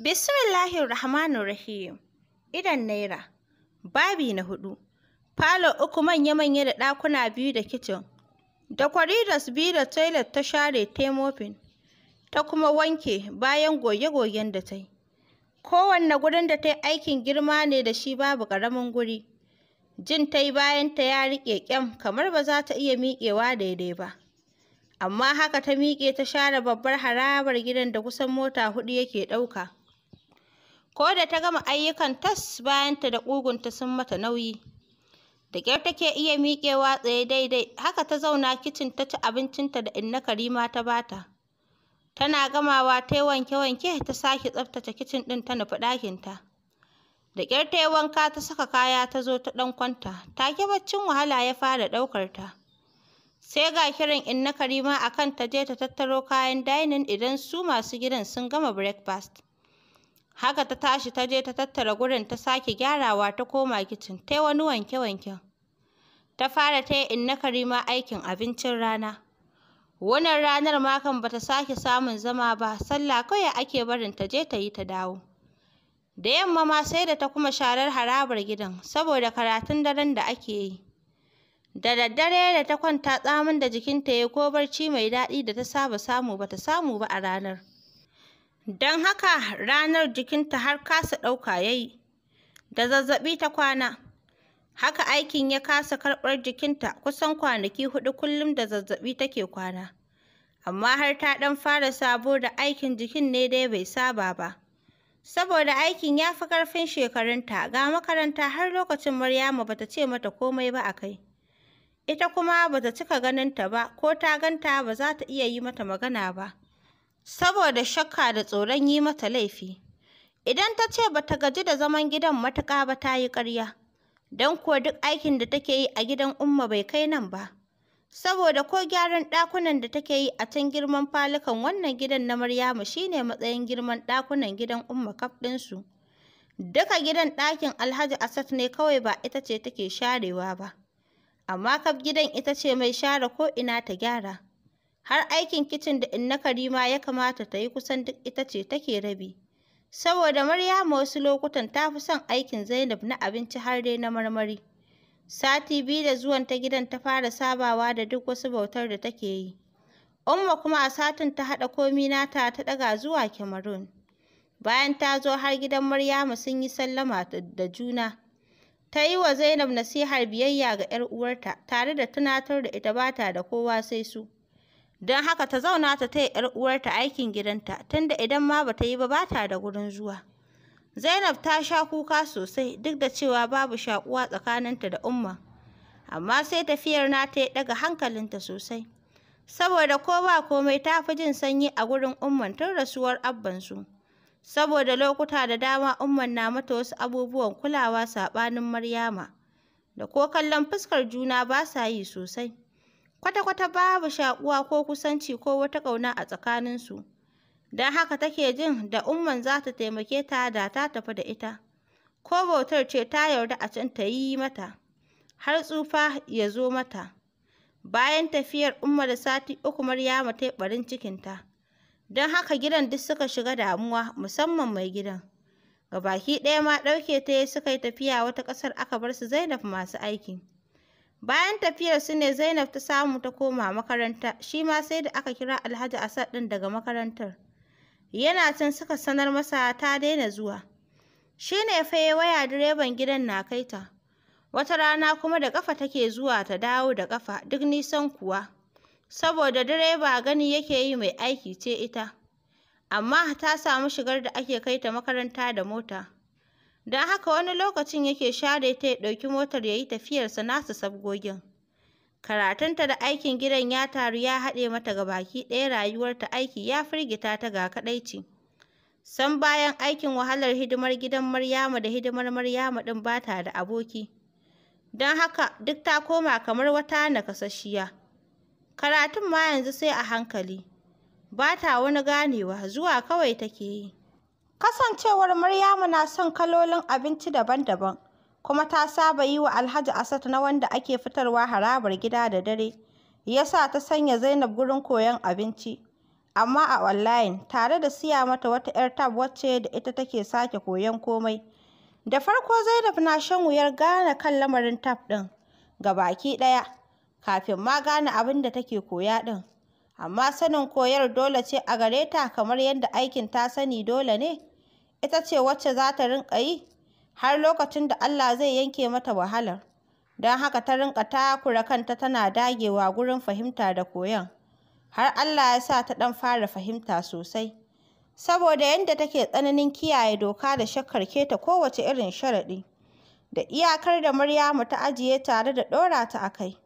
Bismillahir Rahmanir Rahim. Idan Naira. Babi na hudu. Falo uku manya-manya da ɗakuna biyu da kicin. Da kwaridas biyu da toilet ta share temofin. Ta kuma wanke bayan goge-gogen da ta yi. Kowanne gurin da ta yi aikin girma ne da shi babu ƙaramin guri. Jin ta yi bayan ta ya riƙe ƙyam kamar ba za ta iya miƙewa daidai ba. Amma haka ta miƙe ta share babbar harabar gidan da kusan mota hudu yake ɗauka. ko da ta gama ayyukan tas bayanta da ƙugunta sun mata nauyi da ƙyar take iya miƙewa tsaye daidai haka ta zauna kicin ta ci abincinta da inna karima ta bata tana gamawa ta yi wanke-wanke ta sake tsaftace kicin ɗin ta nufi ta. da ƙyar ta yi wanka ta saka kaya ta zo ta ɗan kwanta ta ki baccin wahala ya fara ɗaukar ta sai ga kiran inna karima akan ta je ta tattaro kayan dainin idan su masu gidan sun gama breakfast Haka ta tashi ta je ta tattara gurin ta sake gyarawa ta koma kicin ta yi wani wanke-wanken. Ta fara ta yi inna Karima aikin abincin rana. Wannan ranar ma kan bata sake samun zama ba, sallah kawai ake barin ta je ta yi ta dawo. Da yamma ma sai da ta kuma sharar harabar gidan saboda karatun daren da ake yi. Da daddare da ta kwanta tsamin da jikinta ya ko barci mai daɗi da ta saba samu bata samu ba a ranar. Don haka ranar jikinta har kasa ɗauka ya yi, da zazzaɓi ta kwana. Haka aikin ya kasa karɓar jikinta kusan kwanaki huɗu kullum da zazzaɓi take kwana. Amma har ta ɗan fara sabo da aikin jikin ne dai bai saba ba. Saboda aikin ya fi ƙarfin shekarunta ga makaranta har lokacin Maryamu bata ce mata komai ba a kai. Ita kuma bata cika ganinta ba ko ta ganta ba za ta iya yi mata magana ba. saboda shakka da tsoron yi mata laifi. Idan ta ce ba ta gaji da zaman gidan matuƙa ba ta yi ƙarya, don kuwa duk aikin da take yi a gidan Umma bai kai nan ba. Saboda ko gyaran ɗakunan da take yi a can girman falukan wannan gidan na Maryamu shi ne matsayin girman ɗakunan gidan Umma kaf ɗinsu. Duka gidan ɗakin Alhaji Asad ne kawai ba ita ce take sharewa ba, amma kaf gidan ita ce mai share ko'ina ta gyara. har aikin kicin da inna Karima ya kamata ta yi kusan duk ita ce take rabi. Saboda Maryama wasu lokutan ta fi son aikin Zainab na abinci har dai na marmari. Sati biyu da zuwan ta gidan ta fara sabawa da duk wasu bautar da take yi. Umma kuma a satin ta haɗa komi nata ta ɗaga zuwa Cameroon. Bayan ta zo har gidan Maryama sun yi sallama da juna. ta yi wa Zainab nasihar biyayya ga ‘yar uwarta tare da tunatar da ita bata da kowa sai su. Don haka ta zauna ta taya ‘yar uwarta aikin gidanta, tunda idan ma ba ta yi ba ba ta da gurin zuwa. Zainab ta sha kuka sosai, duk da cewa babu shakuwa tsakaninta da Umma. Amma sai tafiyar nata ya ɗaga hankalinta sosai. Saboda ko ba komai ta fi jin sanyi a gurin Umman tun rasuwar abbansu. Saboda lokuta da dama Umman na mata wasu abubuwan kulawa saɓanin Maryama. Da ko kallon fuskar juna ba sa yi sosai. kwata-kwata babu shakuwa ko kusanci ko wata ƙauna a tsakaninsu. Don haka take jin da umman za ta taimake ta da ta tafi da ita, ko bautar ce ta yarda a can ta yi mata, har tsufa ya zo mata. Bayan tafiyar umma da sati uku maryama ta yi ɓarin cikinta, don haka gidan duk suka shiga damuwa musamman mai gidan. Gabaki ɗaya ma ɗauke ta suka yi tafiya wata ƙasar aka bar su Zainab masu aiki. Bayan tafiyar su ne Zainab ta samu ta koma makaranta, shi ma sai da aka kira Alhaji Asad ɗin daga makarantar. Yana can suka sanar masa ta daina zuwa. Shi ne faye ya waya direban gidan na kai ta. Wata rana kuma da kafa take zuwa ta dawo da ƙafa, duk nisan kuwa. Saboda direba gani yake yi mai aiki ce ita. Amma ta samu shigar da ake kai ta makaranta da mota. Don haka wani lokacin yake share ta ya ɗauki motar ya yi tafiyarsa nasu sabgogin. Karatunta da aikin gidan ya taru ya haɗe mata ga baki ɗaya rayuwarta aiki ya firgita ta ga kaɗaici. San bayan aikin wahalar hidimar gidan Maryama da hidimar Maryama ɗin ba ta da aboki. Don haka duk ta koma kamar wata nakasasshiya. Karatun ma yanzu sai a hankali. Ba ta wani ganewa zuwa kawai take yi. Kasancewar Maryamu na son kalolin abinci daban-daban, kuma ta saba yi wa Alhaji Asad na wanda ake fitarwa harabar gida da dare, ya sa ta sanya Zainab gurin koyon abinci, amma a online, tare da siya mata wata 'yar tab wacce da ita take sake koyon komai. Da farko Zainab na shan wuyar gane kan lamarin tab ɗin ga baki ɗaya, kafin ma gane abin da take koya ɗin. Amma sanin koyar dole ce a gare ta kamar yadda aikin ta sani dole ne. ita ce wacce za ta rinƙa yi har lokacin da Allah zai yanke mata wahalar. Don haka ta rinƙa takura kanta tana dagewa gurin fahimta da koyon. Har Allah ya sa ta ɗan fara fahimta sosai. Saboda yadda take tsananin kiyaye doka da shakkar ta kowace irin sharaɗi. Da iyakar da Maryamu ta ajiye tare da ɗora ta a kai.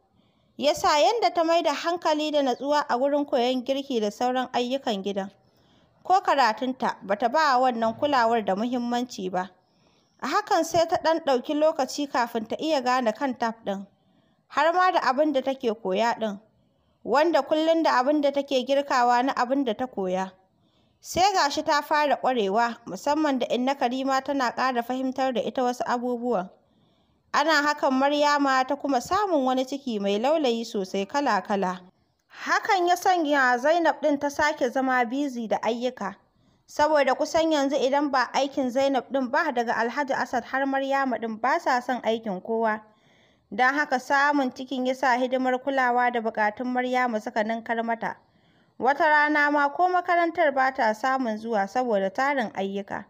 Ya sa yadda ta mai da hankali da natsuwa a wurin koyon girki da sauran ayyukan gidan. ko karatunta bata ba wa wannan kulawar da muhimmanci ba. A hakan sai ta ɗan ɗauki lokaci kafin ta iya gane kan taf ɗin, har ma da abin da take koya ɗin, wanda kullum da abin da take girkawa na abin da ta koya. Sai ga shi ta fara ƙwarewa, musamman da inna Karima tana ƙara fahimtar da ita wasu abubuwan. Ana hakan Maryama ta kuma samun wani ciki mai laulayi sosai kala-kala. Hakan ya sanya Zainab ɗin ta sake zama bizi da ayyuka. Saboda kusan yanzu idan ba aikin Zainab ɗin ba daga Alhaji Asad har maryama ɗin ba sa son aikin kowa. Don haka samun cikin ya sa hidimar kulawa da bukatun maryama suka ninkar mata. Wata rana ma ko makarantar ba ta samun zuwa saboda tarin ayyuka.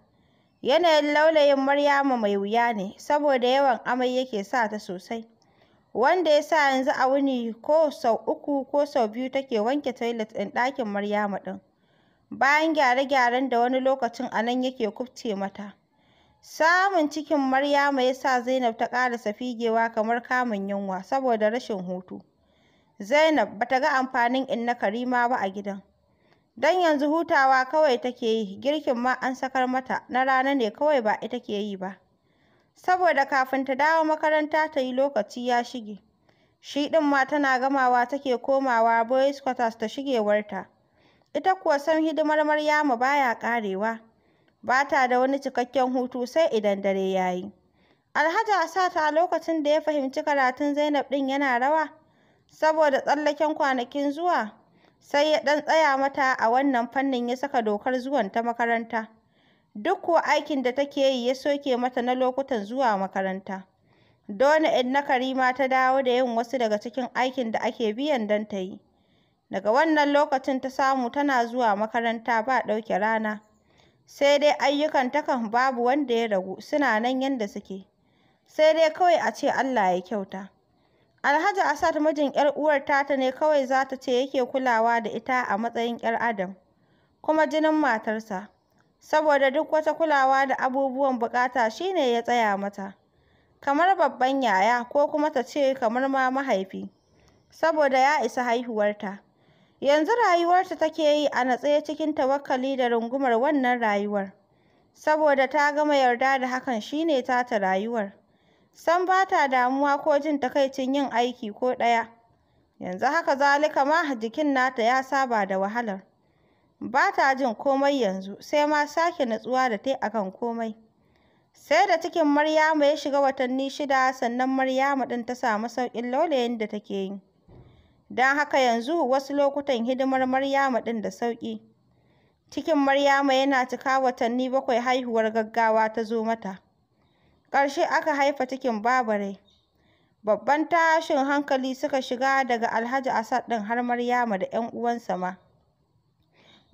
Yanayin laulayin maryama mai wuya ne saboda yawan amai yake sa ta sosai. wanda ya sa yanzu a wuni ko sau uku ko sau biyu take wanke toilet ɗin ɗakin Maryamu ɗin. Bayan gyare-gyaren da wani lokacin a nan yake kufce mata. Samun cikin Maryamu ya sa Zainab ta ƙarasa figewa kamar kamun yunwa saboda rashin hutu. Zainab ba ta ga amfanin inna Karima ba a gidan. Don yanzu hutawa kawai take yi, girkin ma an sakar mata, na rana ne kawai ba ita ke yi ba. saboda kafin ta dawo makaranta ta yi lokaci ya shige. Shi ɗin ma tana gamawa take komawa boys quarters ta shigewarta. Ita kuwa san hidimar Maryamu baya ƙarewa. Ba ta da wani cikakken hutu sai idan dare ya yi. Alhaji sata a lokacin da ya fahimci karatun Zainab ɗin yana rawa, saboda tsallaken kwanakin zuwa, sai ya ɗan tsaya mata a wannan fannin ya saka dokar zuwan ta makaranta. duk kuwa aikin da take yi ya soke mata na lokutan zuwa makaranta. Dole inna Karima ta dawo da yin wasu daga cikin aikin da ake biyan don ta yi. Daga wannan lokacin ta samu tana zuwa makaranta ba ɗauke rana. Sai dai ayyukan takan babu wanda ya ragu suna nan yadda suke. Sai dai kawai a ce Allah ya kyauta. Alhaji Asad mijin 'yar uwar tata ne kawai za ta ce yake kulawa da ita a matsayin 'yar Adam, kuma jinin matarsa. saboda duk wata kulawa da abubuwan buƙata shine ya tsaya mata. Kamar babban yaya ko kuma ta ce kamar ma mahaifi, saboda ya isa haihuwarta. Yanzu rayuwarta take yi a natse cikin tawakkali da rungumar wannan rayuwar, saboda ta gama yarda da hakan shine ne tata rayuwar. Sam ba ta damuwa ko jin takaicin yin aiki ko ɗaya. Yanzu haka zalika ma jikin nata ya saba da wahalar. Ba ta jin komai yanzu, sai ma sake natsuwa da ta yi a kan komai. Sai da cikin Maryamu ya shiga watanni shida sannan maryama ɗin ta samu sauƙin laulayin da take yi. Don haka yanzu wasu lokutan hidimar maryama ɗin da sauƙi. Cikin Maryamu yana cika watanni bakwai haihuwar gaggawa ta zo mata. Ƙarshe aka haifa cikin babu Babban tashin hankali suka shiga daga Alhaji Asad ɗin har Maryamu da 'yan uwansa ma.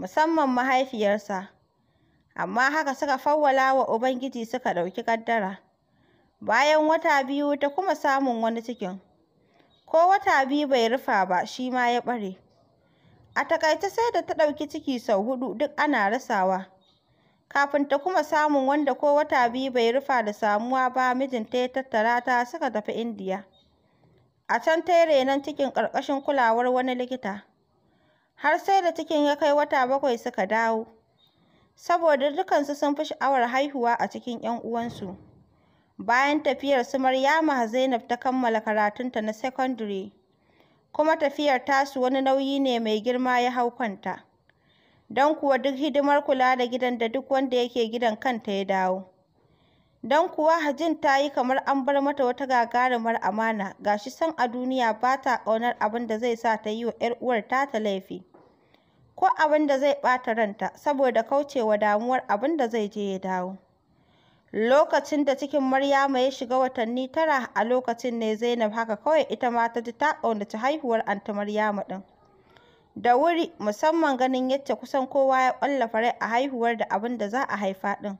musamman mahaifiyarsa, amma haka suka fawwala wa Ubangiji suka ɗauki ƙaddara. Bayan wata biyu ta kuma samun wani cikin, ko wata biyu bai rufa ba shi ma ya ɓare. A taƙaice sai da ta ɗauki ciki sau huɗu duk ana rasawa, kafin ta kuma samun wanda ko wata biyu bai rufa da samuwa ba mijinta ya tattara ta suka tafi Indiya. A can ta yi renon cikin ƙarƙashin kulawar wani likita. har sai da cikin ya kai wata bakwai suka dawo saboda dukansu sun fi sha'awar haihuwa a cikin 'yan uwansu bayan tafiyar su Maryama Zainab ta kammala karatunta na secondary kuma tafiyar tasu wani nauyi ne mai girma ya hau kanta don kuwa duk hidimar kula da gidan da duk wanda yake gidan kanta ya dawo don kuwa Hajin ta yi kamar an bar mata wata gagarumar amana gashi san a duniya ba ta ƙaunar abin da zai sa ta yi wa 'yar uwar ta laifi ko abin da zai ɓata ranta saboda kaucewa damuwar abin da zai je ya dawo. Lokacin da cikin Maryama ya shiga watanni tara a lokacin ne Zainab haka kawai ita ma ta ji ta ƙaunaci haihuwar anti Maryama ɗin. Da wuri musamman ganin yadda kusan kowa ya ƙwallafa rai a haihuwar da abin da za a haifa ɗin.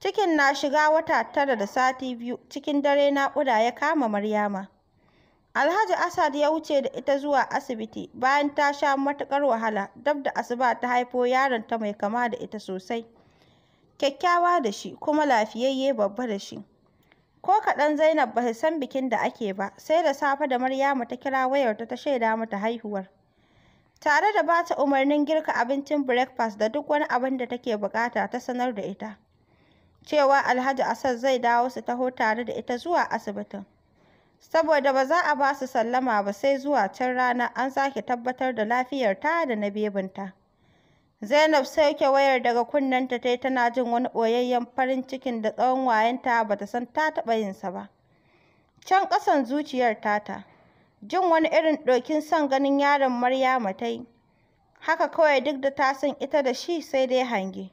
Cikin na shiga wata tara da sati biyu cikin dare naƙuda ya kama Maryama. Alhaji Asad ya wuce da ita zuwa asibiti bayan ta sha matuƙar wahala dab da asuba ta haifo yaron ta mai kama da ita sosai. Kyakkyawa da shi kuma lafiyayye babba da shi. Ko kaɗan Zainab ba san bikin da ake ba sai da safe da Maryamu ta kira wayarta ta shaida mata haihuwar. Tare da ba ta umarnin girka abincin breakfast da duk wani abin da take buƙata ta sanar da ita. Cewa Alhaji Asad zai dawo su taho tare da ita zuwa asibitin. saboda ba za a ba su sallama ba sai zuwa can rana an sake tabbatar da lafiyarta da na bebinta. Zainab sauke wayar daga kunnenta ta yi tana jin wani ɓoyayyen farin cikin da tsawon wayenta ba ta san ta taɓa sa ba. Can ƙasan zuciyar tata, jin wani irin ɗokin son ganin yaron Maryama ta yi. Haka kawai duk da ta san ita da shi sai dai hange.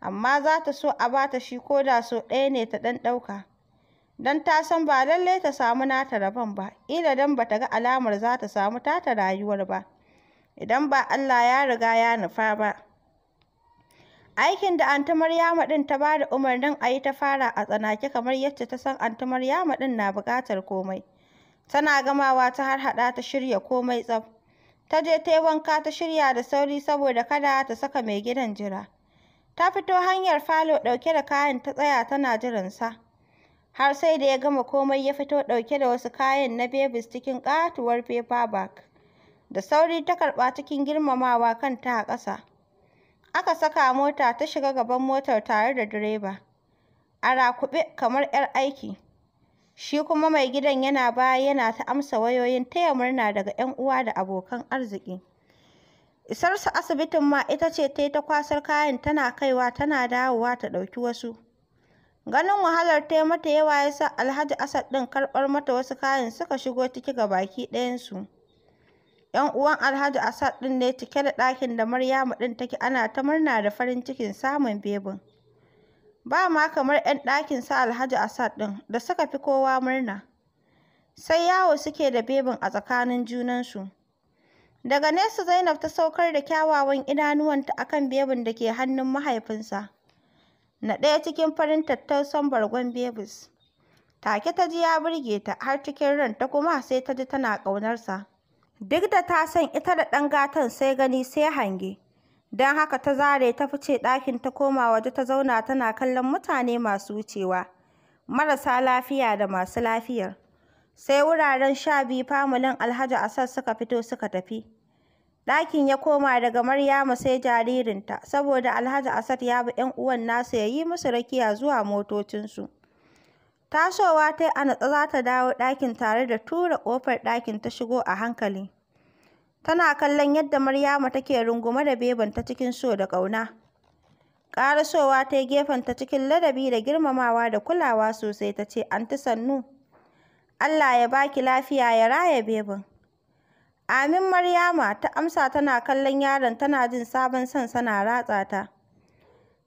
Amma za ta so a ba ta shi ko da so ɗaya ne ta ɗan ɗauka. don ta san ba lallai ta samu nata rabon ba, ƙila don ba ta ga alamar za ta samu tata rayuwar ba, idan ba Allah ya riga ya nufa ba. Aikin da Anti Maryama ɗin ta ba da umarnin a yi ta fara a tsanake kamar yadda ta san Anti Maryama ɗin na buƙatar komai. Tana gamawa ta har haɗa ta shirya komai tsaf. Ta je ta yi wanka ta shirya da sauri saboda kada ta saka mai gidan jira. Ta fito hanyar falo ɗauke da kayan ta tsaya tana jiransa. har sai da ya gama komai ya fito dauke da wasu kayan na babies cikin katuwar paper bag. Da sauri ta karɓa cikin girmamawa kanta a ƙasa. Aka saka mota ta shiga gaban motar tare da direba. A rakuɓe kamar 'yar aiki. Shi kuma mai gidan yana baya yana ta amsa wayoyin taya murna daga 'yan uwa da abokan arziki. Isarsa asibitin ma ita ce ta yi ta kwasar kayan tana kaiwa tana dawowa ta ɗauki wasu. Ganin wahalar ta mata yawa ya sa Alhaji Asad ɗin karɓar mata wasu kayan suka shigo ciki ga baki ɗayansu. ‘Yan uwan Alhaji Asad ɗin ne cike da ɗakin da Maryamu ɗin take ana ta murna da farin cikin samun bebin. Ba ma kamar ‘yan ɗakin sa Alhaji Asad ɗin da suka fi kowa murna. Sai yawo suke da bebin a tsakanin junansu. Daga nesa Zainab ta saukar da kyawawan idanuwanta akan bebin da ke hannun mahaifinsa. na ɗaya cikin farin tattausan bargon Bevis. Take ta ji ya burge ta har cikin ranta kuma sai ta ji tana ƙaunarsa. Duk da ta san ita da ɗan gatan sai gani sai hange. Don haka ta zare ta fice ɗakin ta koma waje ta zauna tana kallon mutane masu wucewa, marasa lafiya da masu lafiyar. Sai wuraren sha biyu famulin Alhaji Asad suka fito suka tafi. Ɗakin ya koma daga Maryama sai jaririnta, saboda Alhaji Asad ya bi ‘yan uwan nasa ya yi musu rakiya zuwa motocinsu. Tasowa ta a natse za ta dawo ɗakin tare da tura ƙofar ɗakin ta shigo a hankali. Tana kallon yadda Maryamu take rungume da bebanta cikin so da ƙauna. Ƙarasowa ta yi ta cikin ladabi da girmamawa da kulawa sosai ta ce, Anti Sannu, Allah ya baki lafiya ya raya bebin. Amin Maryama ta amsa tana kallon yaron tana jin sabon son sana ratsa ta.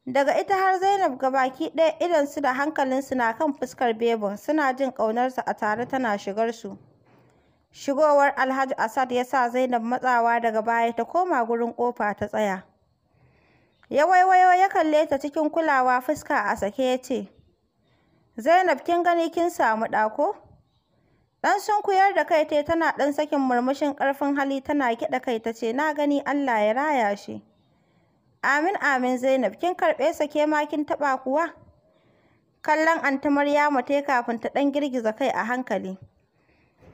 Daga ita har Zainab ga baki ɗaya su da hankalinsu na kan fuskar bebin suna jin ƙaunarsa a tare tana shigar su. Shigowar Alhaji Asad ya sa Zainab matsawa daga baya ta koma gurin ƙofa ta tsaya. Ya waiwayo ya kalle ta cikin kulawa fuska a sake ya ce, Zainab kin gani kin samu ɗako? Dan sunkuyar da kai tai tana ɗan sakin murmushin karfin hali tana kiɗa kai tace na gani Allah ya raya shi. Amin amin Zainab kin karɓe sa ke ma kin taɓa kuwa? Kallon Anta Maryamu tai kafin ta ɗan girgiza kai a hankali.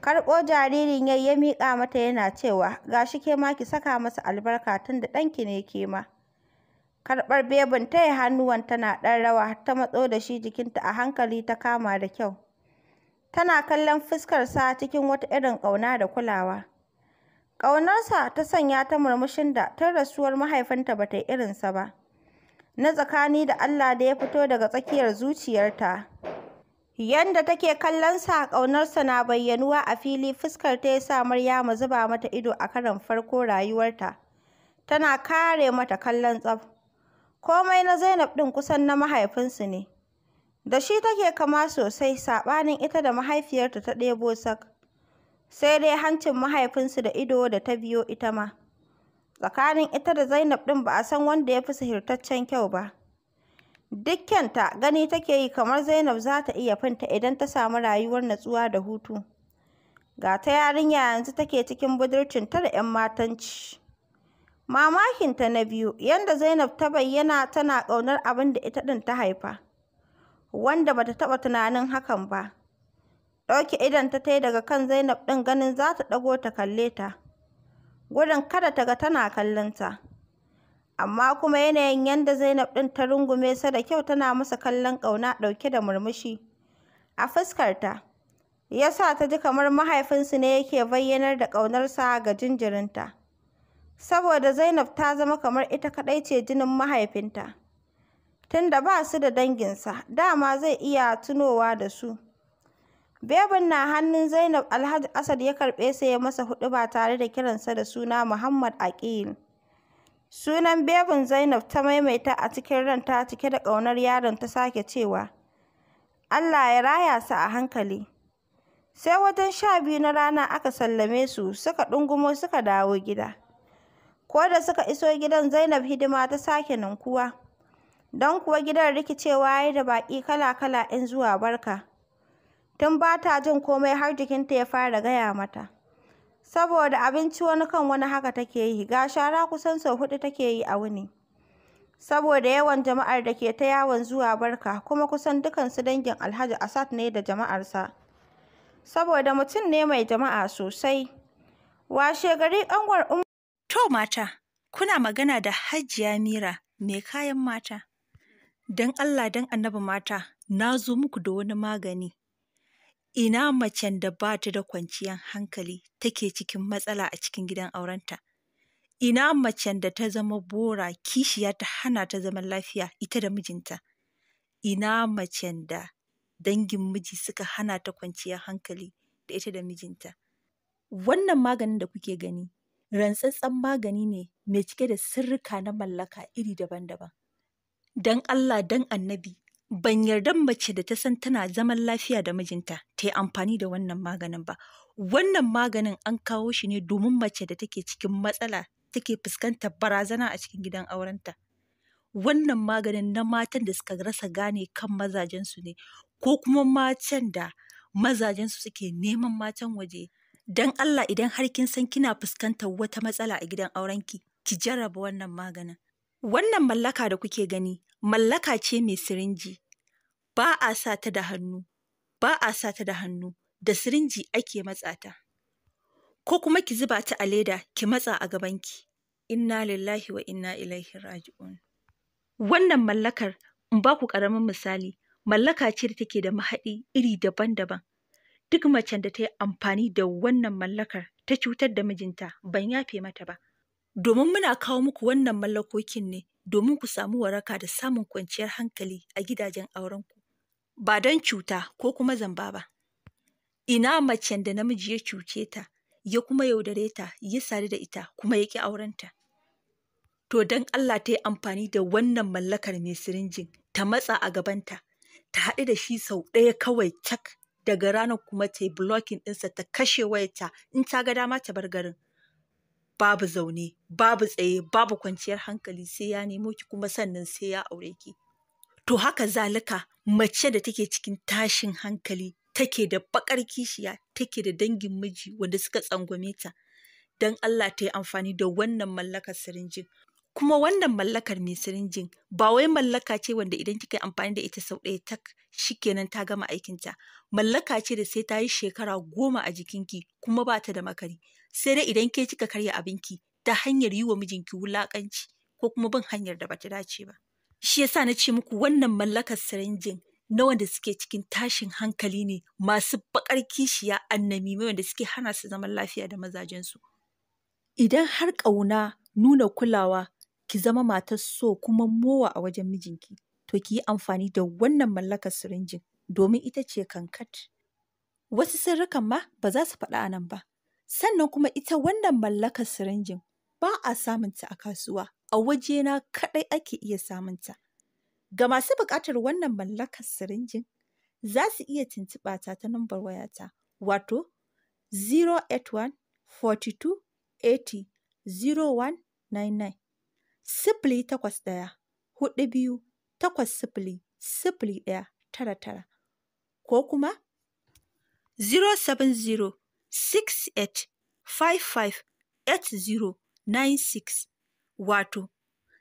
Karɓo jaririn yayi ya mika mata yana cewa gashi ke ma ki saka masa albarka tun da ɗanki ne ke ma. Karɓar bebin ta yi hannuwan tana ɗan rawa ta matso da shi jikinta a hankali ta kama da kyau. tana kallon fuskarsa cikin wata irin ƙauna da kulawa. Ƙaunarsa ta sanya ta murmushin da tun rasuwar mahaifinta ba ta yi irinsa ba, na tsakani da Allah da ya fito daga tsakiyar zuciyarta. Yanda take kallon sa ƙaunarsa na bayyanuwa a fili fuskar ta ya sa Maryamu zuba mata ido a karon farko rayuwarta. Tana kare mata kallon tsaf. Komai na Zainab ɗin kusan na mahaifinsu ne. da shi take kama sosai saɓanin ita da mahaifiyarta ta ɗebo sak sai dai hancin mahaifinsu da ido da ta biyo ita ma tsakanin ita da zainab ɗin ba a san wanda ya fi sihirtaccen kyau ba dukkanta gani take yi kamar zainab za ta iya finta idan ta samu rayuwar natsuwa da hutu ga ta yarinya yanzu take cikin budurcin ta da 'yan matanci mamakinta na biyu yadda zainab ta bayyana tana ƙaunar abin da ita ɗin ta haifa wanda bata taɓa tunanin hakan ba. Ɗauke idon ta yi daga kan Zainab ɗin ganin za ta ɗago ta kalle ta. Gudun kada ta ga tana kallon ta. Amma kuma yanayin yadda Zainab ɗin ta rungume sa da kyau tana masa kallon ƙauna ɗauke da murmushi a fuskarta. Ya sa ta ji kamar mahaifinsu ne yake bayyanar da ƙaunarsa ga jinjirinta. Saboda Zainab ta zama kamar ita kaɗai ce jinin mahaifinta. tunda ba su da danginsa, dama zai iya tunowa da su. Bebin na hannun Zainab Alhaji Asad ya karɓe sai ya masa huɗu ba tare da kiransa da suna Muhammad Aqil. Sunan bebin Zainab ta maimaita a cikin ranta cike da ƙaunar yaron ta sake cewa, Allah ya raya su a hankali. Sai wajen sha biyu na rana aka sallame su suka ɗungumo suka dawo gida. Ko da suka iso gidan Zainab hidima ta sake ninkuwa. don kuwa gidan rikicewa ya yi da baƙi kala-kala in zuwa barka. Tun ba ta jin komai har jikinta ya fara gaya mata. Saboda abinci wani kan wani haka take yi, ga shara kusan sau huɗu take yi a wuni. Saboda yawan jama'ar da ke ta yawon zuwa barka, kuma kusan dukansu dangin Alhaji Asad ne da jama'arsa. Saboda mutum ne mai jama'a sosai. Washe gari ƙanwar umar To mata, kuna magana da Hajiya Mira, mai kayan mata. Don Allah don Annaba, mata, na zo muku da wani magani. Ina macen da ba ta da kwanciyar hankali take cikin matsala a cikin gidan aurenta. Ina macen da ta zama bora kishiya ta hana ta zaman lafiya ita da mijinta. Ina macen da dangin miji suka hana ta kwanciyar hankali da ita da mijinta. Wannan maganin da kuke gani, rantsatsen magani ne mai cike da sirrika na mallaka iri daban-daban. don Allah don annabi ban yarda mace da ta san tana zaman lafiya da mijinta ta yi amfani da wannan maganin ba wannan maganin an kawo shi ne domin mace da take cikin matsala take fuskantar barazana a cikin gidan aurenta wannan maganin na matan da suka rasa gane kan mazajensu ne ko kuma matan da mazajensu suke neman matan waje don Allah idan har kin san kina fuskantar wata matsala a gidan aurenki ki jarraba wannan maganin wannan mallaka da kuke gani mallaka ce mai sirinji, ba a sa ta da hannu, ba a sa ta da hannu, da sirinji ake matsa ta. Ko kuma ki zuba ta a leda ki matsa a gabanki. Inna lillahi wa inna ilaihi raji'un. Wannan mallakar, in ba ku ƙaramin misali, mallaka ce da take da mahaɗi iri daban-daban. Duk macen da ta yi amfani da wannan mallakar ta cutar da mijinta ban yafe mata ba. Domin muna kawo muku wannan mallakokin ne domin ku samu waraka da samun kwanciyar hankali a gidajen aurenku, ba don cuta ko kuma zamba ba. Ina macen da namiji ya cuce ta, ya kuma yaudare ta, ya sadu da ita, kuma ya ƙi aurenta. To don Allah ta yi amfani da wannan mallakar mai sirinjin, ta matsa a gabanta, ta haɗu da shi sau ɗaya kawai cak daga ranar kuma ta yi blocking ɗinsa ta kashe wayarta in ta ga dama ta bar garin babu zaune babu tsaye babu kwanciyar hankali sai ya nemo ki kuma sannan sai ya aure ki to haka zalika mace da take cikin tashin hankali take da bakar kishiya take da dangin miji wanda suka tsangwame ta don Allah ta yi amfani da wannan mallakar sirinjin kuma wannan mallakar mai sirinjin ba wai mallaka ce wanda idan kika yi amfani da ita sau ɗaya tak kenan ta gama aikinta mallaka ce da sai ta yi shekara goma a jikinki kuma ba ta da makari sai dai idan ke cika karya abinki ta hanyar yi wa mijinki wulaƙanci ko kuma bin hanyar da bata dace ba shi yasa na ce muku wannan mallakar sirinjin na wanda suke cikin tashin hankali ne masu bakar kishiya annami mai wanda suke hana su zaman lafiya da mazajensu idan har ƙauna nuna kulawa ki zama matar so kuma mowa a wajen mijinki to ki yi amfani da wannan mallakar sirinjin domin ita ce kankat wasu sirrikan ma ba za su faɗa a nan ba Sannan kuma ita wannan mallakar sirinjin ba a samunta a kasuwa, a wajena kaɗai ake iya samunta. Ga masu buƙatar wannan mallakar sirinjin, za su iya tuntuɓa ta ta nambar wayata, wato 081 42 80 0199 sifili takwas ɗaya huɗu biyu takwas sifili sifili ɗaya tara tara ko kuma 070 68558096 wato,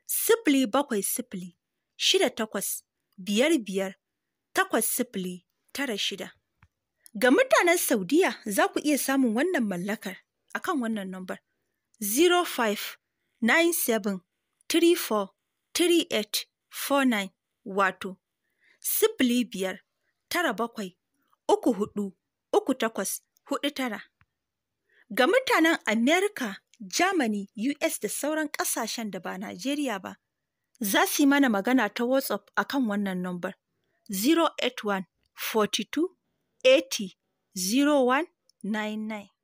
sifili bakwai sifili shida takwas biyar biyar takwas sifili tara shida. Ga mutanen Saudiya za ku iya samun wannan mallakar a kan wannan nambar nine, wato, sifili biyar tara bakwai uku hudu uku takwas 49 ga mutanen Amerika, Germany, US da sauran ƙasashen da ba Najeriya ba, za su yi mana magana ta WhatsApp a kan wannan nambar 081 42 80 0199.